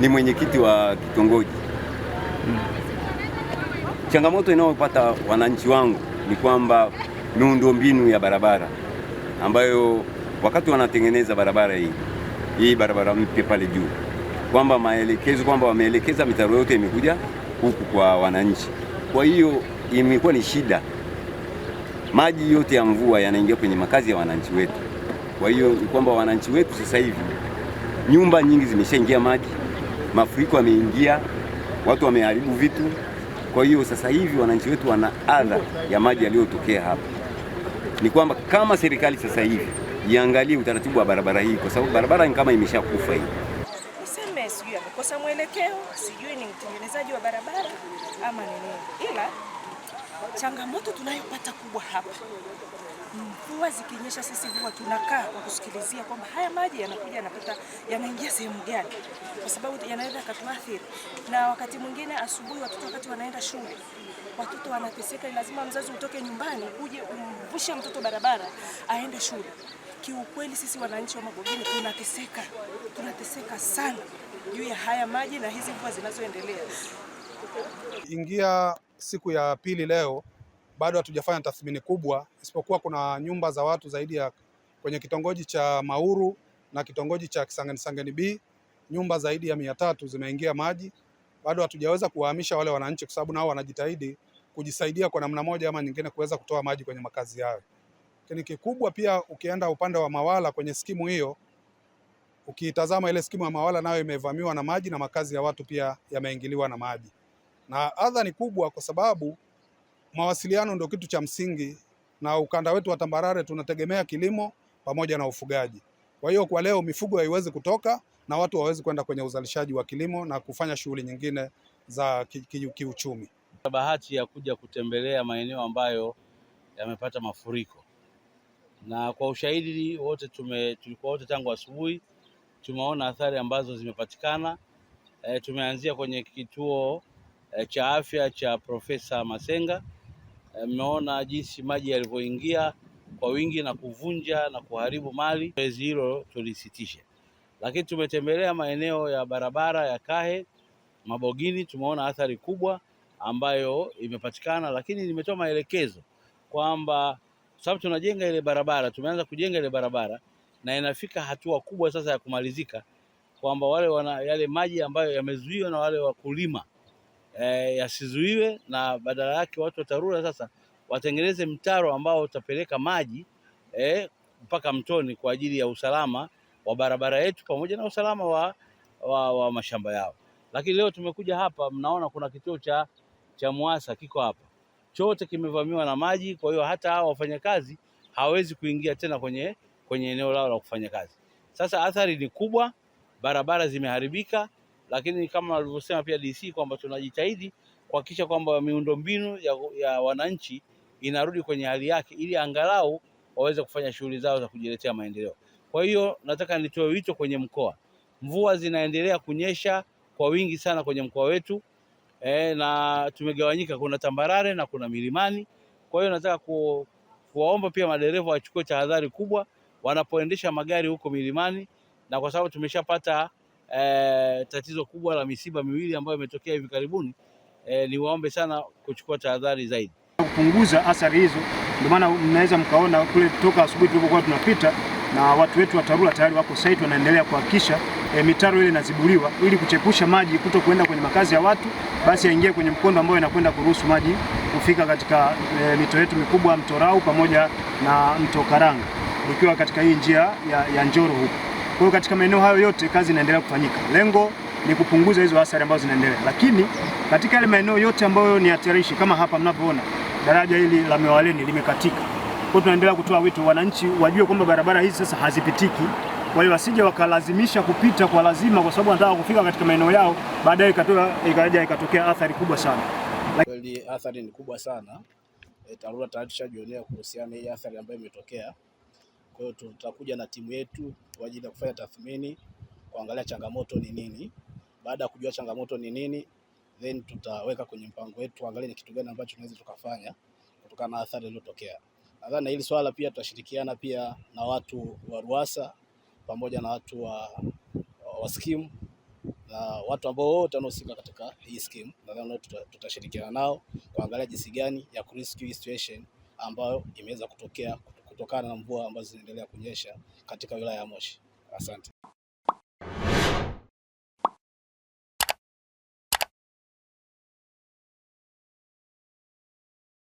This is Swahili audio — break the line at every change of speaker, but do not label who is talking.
ni mwenyekiti wa kitongoji hmm. Changamoto inayopata wananchi wangu ni kwamba miundombinu ya barabara ambayo wakati wanatengeneza barabara hii hii barabara mpya pale juu, kwamba maelekezo kwamba wameelekeza mitaro yote imekuja huku kwa wananchi, kwa hiyo imekuwa ni shida. Maji yote ya mvua yanaingia kwenye makazi ya wananchi wetu. Kwa hiyo ni kwamba wananchi wetu sasa hivi nyumba nyingi zimeshaingia maji mafuriko yameingia, watu wameharibu vitu. Kwa hiyo sasa hivi wananchi wetu wana adha ya maji yaliyotokea hapa. Ni kwamba kama serikali sasa hivi iangalie utaratibu wa barabara hii, kwa sababu barabara ni kama imeshakufa hii.
sijui amekosa mwelekeo, sijui ni mtengenezaji wa barabara ama nini, ila Changamoto tunayopata kubwa hapa, mvua zikinyesha, sisi huwa tunakaa kwa kusikilizia kwamba haya maji yanakuja yanapata yanaingia sehemu gani, kwa sababu yanaweza yakatuathiri. Na wakati mwingine asubuhi, watoto wakati wanaenda shule, watoto wanateseka, lazima mzazi utoke nyumbani uje umvushe mtoto barabara aende shule. Kiukweli sisi wananchi wa magogini tunateseka, tunateseka sana juu ya haya maji na hizi mvua zinazoendelea.
Ingia siku ya pili leo, bado hatujafanya tathmini kubwa, isipokuwa kuna nyumba za watu zaidi ya kwenye kitongoji cha Mauru na kitongoji cha Kisangani Sangani B, nyumba zaidi ya mia tatu zimeingia maji. Bado hatujaweza kuwahamisha wale wananchi, kwa sababu nao wanajitahidi kujisaidia kwa namna moja ama nyingine kuweza kutoa maji kwenye makazi yao. Lakini kikubwa pia, ukienda upande wa Mawala kwenye skimu hiyo, ukiitazama ile skimu ya Mawala nayo imevamiwa na maji na makazi ya watu pia yameingiliwa na maji na adha ni kubwa, kwa sababu mawasiliano ndio kitu cha msingi, na ukanda wetu wa tambarare tunategemea kilimo pamoja na ufugaji. Kwa hiyo kwa leo mifugo haiwezi kutoka na watu hawawezi kwenda kwenye uzalishaji wa kilimo na kufanya shughuli nyingine za kiuchumi ki,
ki bahati ya kuja kutembelea maeneo ambayo yamepata mafuriko na kwa ushahidi wote tume, tulikuwa wote tangu asubuhi tumeona athari ambazo zimepatikana. E, tumeanzia kwenye kituo Eh, cha afya cha Profesa Masenga. Eh, mmeona jinsi maji yalivyoingia kwa wingi na kuvunja na kuharibu mali. Zoezi hilo tulisitisha, lakini tumetembelea maeneo ya barabara ya Kahe Mabogini, tumeona athari kubwa ambayo imepatikana, lakini nimetoa maelekezo kwamba sababu tunajenga ile barabara, tumeanza kujenga ile barabara na inafika hatua kubwa sasa ya kumalizika, kwamba wale wana, yale maji ambayo yamezuiwa na wale wakulima E, yasizuiwe na badala yake watu wa TARURA sasa watengeneze mtaro ambao utapeleka maji e, mpaka mtoni kwa ajili ya usalama wa barabara yetu pamoja na usalama wa, wa, wa mashamba yao. Lakini leo tumekuja hapa, mnaona kuna kituo cha, cha Mwasa kiko hapa, chote kimevamiwa na maji. Kwa hiyo hata hao wafanyakazi hawawezi kuingia tena kwenye, kwenye eneo lao la kufanya kazi. Sasa athari ni kubwa, barabara zimeharibika, lakini kama alivyosema pia DC kwamba tunajitahidi kuhakikisha kwamba miundombinu ya, ya wananchi inarudi kwenye hali yake ili angalau waweze kufanya shughuli zao za kujiletea maendeleo. Kwa hiyo nataka nitoe wito kwenye mkoa, mvua zinaendelea kunyesha kwa wingi sana kwenye mkoa wetu e, na tumegawanyika, kuna tambarare na kuna milimani. Kwa hiyo nataka ku, kuwaomba pia madereva wachukue tahadhari kubwa wanapoendesha magari huko milimani, na kwa sababu tumeshapata eh, tatizo kubwa la misiba miwili ambayo imetokea hivi karibuni eh, niwaombe sana kuchukua tahadhari zaidi
kupunguza athari hizo. Ndio maana mnaweza mkaona kule toka asubuhi tulipokuwa tunapita na watu wetu wa TARURA tayari wako site wanaendelea kuhakikisha e, mitaro ile inazibuliwa ili kuchepusha maji kuto kuenda kwenye makazi ya watu, basi yaingie kwenye mkondo ambao inakwenda kuruhusu maji kufika katika e, mito yetu mikubwa, mto Rau pamoja na mto Karanga, ukiwa katika hii njia ya, ya Njoro huko. Kwa hiyo katika maeneo hayo yote kazi inaendelea kufanyika, lengo ni kupunguza hizo athari ambazo zinaendelea, lakini katika yale maeneo yote ambayo ni hatarishi kama hapa mnavyoona daraja hili la Mewaleni limekatika. Kwa hiyo tunaendelea kutoa wito wananchi wajue kwamba barabara hizi sasa hazipitiki, kwa hiyo wasije wakalazimisha kupita kwa lazima, kwa sababu wanataka kufika katika maeneo yao, baadaye ikaja ikatokea athari kubwa sana.
Kweli athari ni kubwa sana. Eh, TARURA tayari tushajionea kuhusiana hii athari ambayo imetokea. Kwa hiyo tutakuja na timu yetu kwa ajili ya kufanya tathmini, kuangalia changamoto ni nini. Baada ya kujua changamoto ni nini, then tutaweka kwenye mpango wetu, angalia ni kitu gani ambacho tunaweza tukafanya kutokana na athari iliyotokea. Nadhani na hili swala pia tutashirikiana pia na watu wa RUWASA pamoja na watu wa, wa skimu na watu ambao wote wanaohusika katika hii skimu, nadhani tutashirikiana nao kuangalia jinsi gani ya kurescue situation ambayo imeweza kutokea kutokana na mvua ambazo zinaendelea kunyesha katika wilaya ya Moshi. Asante.